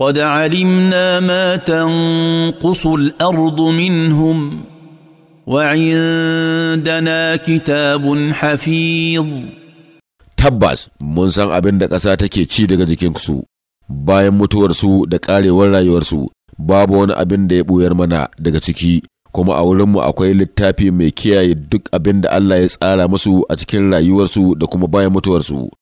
قد علمنا ما تنقص الارض منهم وعندنا كتاب حفيظ tabbas mun san abin da ƙasa take ci daga jikinsu bayan mutuwarsu da ƙarewar rayuwarsu babu wani abin da ya ɓuyar mana daga ciki kuma a wurinmu akwai littafi mai kiyaye duk abin da Allah ya tsara musu a cikin rayuwarsu da kuma bayan mutuwarsu